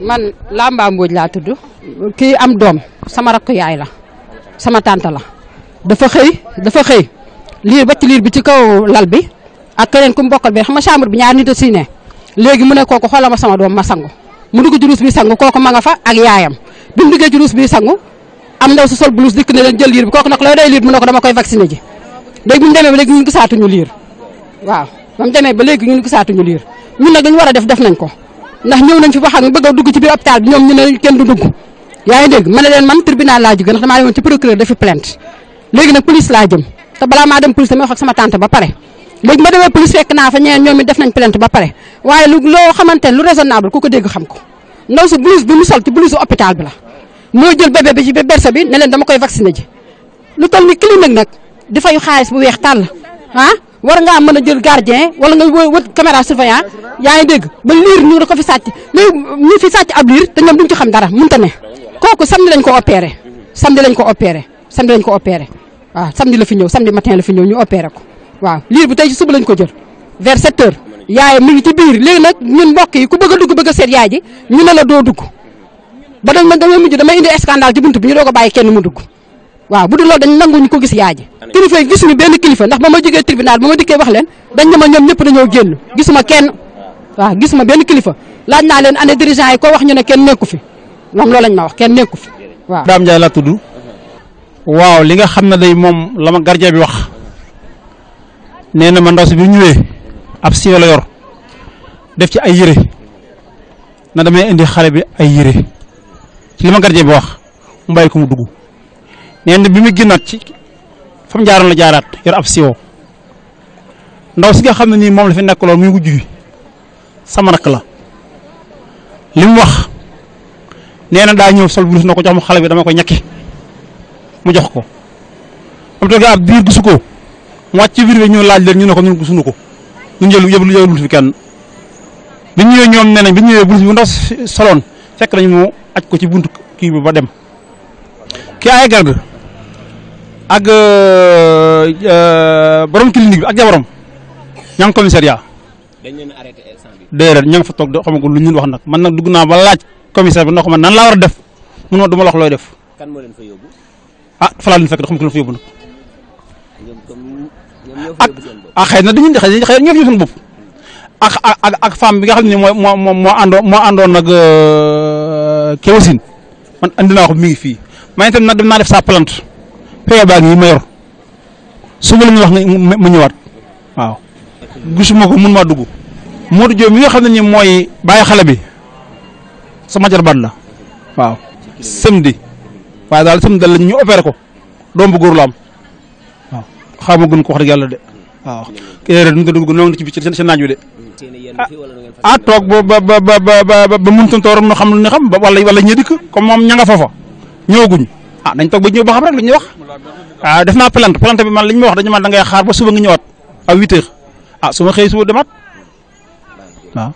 man Lamba Mbodj laa tudd kii am doom sama rakk yaay la sama tànta la dafa xëy dafa xëy liir ba ci liir bi ci kaw lal bi ak keneen ku mu bokkal bi xam nga si ne léegi mu ne kooku xoolal ma sama doom ma sangu mu dugg ci ruus bi sangu kooku ma nga fa ak yaayam du mu duggee ci ruus bi sangu am ndaw su sol blouse dikk ne leen jël liir bi kooku nag looy day liir mu ne ko dama koy vacciné ji léegi bu ñu demee ba léegi ñun gisaatuñu liir waaw ba mu demee ba léegi ñun gisaatuñu liir ñun war a def def nañ ko ndax ñëw nañ fi wax ak bëgg a dugg ci biir hôpital bi ñoom ñu ne kenn du dugg yaa ngi dégg ma ne leen man tribunal laa jóge ndax damaa demoon ci procureur dafi plainte léegi nag police laa jëm te balaa maa dem police damay wax ak ba pare léegi ma demee police fekk naa fa ñoom it def nañ plainte ba pare waaye lu xamante ne lu raisonnable ku ko dégg xam ko ndaw si blouse bi mu sol ci blouse hôpital bi la moo jël bébé bi ci berse bi ne leen dama koy vacciner ji lu toll ni clinique nag di fay xaalis bu weex tàll ah war ngaa mën a jël gardien wala nga wët caméra surveillant yaa ngi dégg ba liir ñu da ko fi sàcc léegi ñu fi sàcc ab liir te ñoom duñ ci xam dara mënta ne kooku samedi lañ ko opéré samedi lañ ko opéré samedi lañ ko opéré waaw samedi la fi ñëw samedi matin la fi ñëw ñu opéré ko waaw liir bi tey ci suba ko jël vers 7 yaay mi ngi ci biir léegi nag ñun mbokk yi ku bëgg a dugg bëgg a seet yaay ji ñu ne la doo dugg ba dañ ma dama mujj damay indi scandale ci buntu bi ñu doo ko bàyyi kenn mu dugg waaw bu dul loolu dañ nanguñu ko gis yaay ji kilifa yi gisuñu benn kilifa ndax ba ma jógee tribunal ba ma dikkee wax leen dañ ne a ñoom ñëpp dañoo génn gisuma kenn waaw gisuma benn kilifa laaj naa leen année dirigeant yi ko wax ñu ne kenn nekku fi moom loolu lañ ma wax kenn nekku fi waaw. Dame Ndiaye laa tudd waaw li nga xam ne day moom la ma gardien bi wax nee na ma ndaw si bi ñëwee ab siwe la def ci ay yére na damay indi xale bi ay yére ci li ma gardien bi wax mu bàyyi ko mu dugg. nee na bi mu génnaat ci fa mu jaaroon la jaaraat yor ab siwo ndaw si nga xam ne nii moom la fi nekk lool muy wujj bi sama rakk la li mu wax nee na daa ñëw sol bulus na ko jox mu xale bi dama ko ñakki mu jox ko am toogee ab biir gisu ko mu wàcc biir bi ñu laaj leen ñu ne ko ñun gisuñu ko ñun jël yëpp lu jëlul fi kenn bi ñëwee ñoom nee nañ bi ñëwee bulus bi ndaw soloon fekk nañ mu aj ko ci buntu kii bi ba dem ki ay garde ak euh, euh, borom clinique bi ak jabaram ña ngi commissariat. dañ leen arrêté ña nga fa toog de xam nga lu ñun wax nag man nag dugg naa ba laaj commissaire bi noo xam ne a def du ma la wax looy def. kan fa yóbbu. Ah, fa laa leen de xam nga ku leen fa yóbbu nag. ñoom ah, na dañuy xëy na xëy na ñoo fi suñu bopp. ak ak ak bi nga xam ne moo moo moo àndoon moo àndoon nag euh, Kéwoussine man andi naa ko fii man itam nag dem naa def sa plante. paya baag yi ma yor suba la ñu wax nga ma ñëwaat waaw gisuma ko mun maa dugg Modou Diop mi nga xam ne ni mooy bàyyi xale bi sama jarbaat la waaw di waa daal samedi dal la ñu ko doom bu góor la am waaw xaama gun ko wax yàlla de waaw kër duñ ko dugg noo ngi ci biir ci naaj wi de a toog ba ba ba ba ba ba mënutoon tooram ñu xam lu ñu xam ba wala wala ñee dikk comme moom ña nga foofa ñëwaguñ ah dañ toog ba ñëw ba xam rek lu ñu wax ah def naa plante plante bi man li ñu ma wax dañu man da ngay xaar ba suba nga ñëwaat à huit heures ah su ma xëyee suba demaat waaw ah.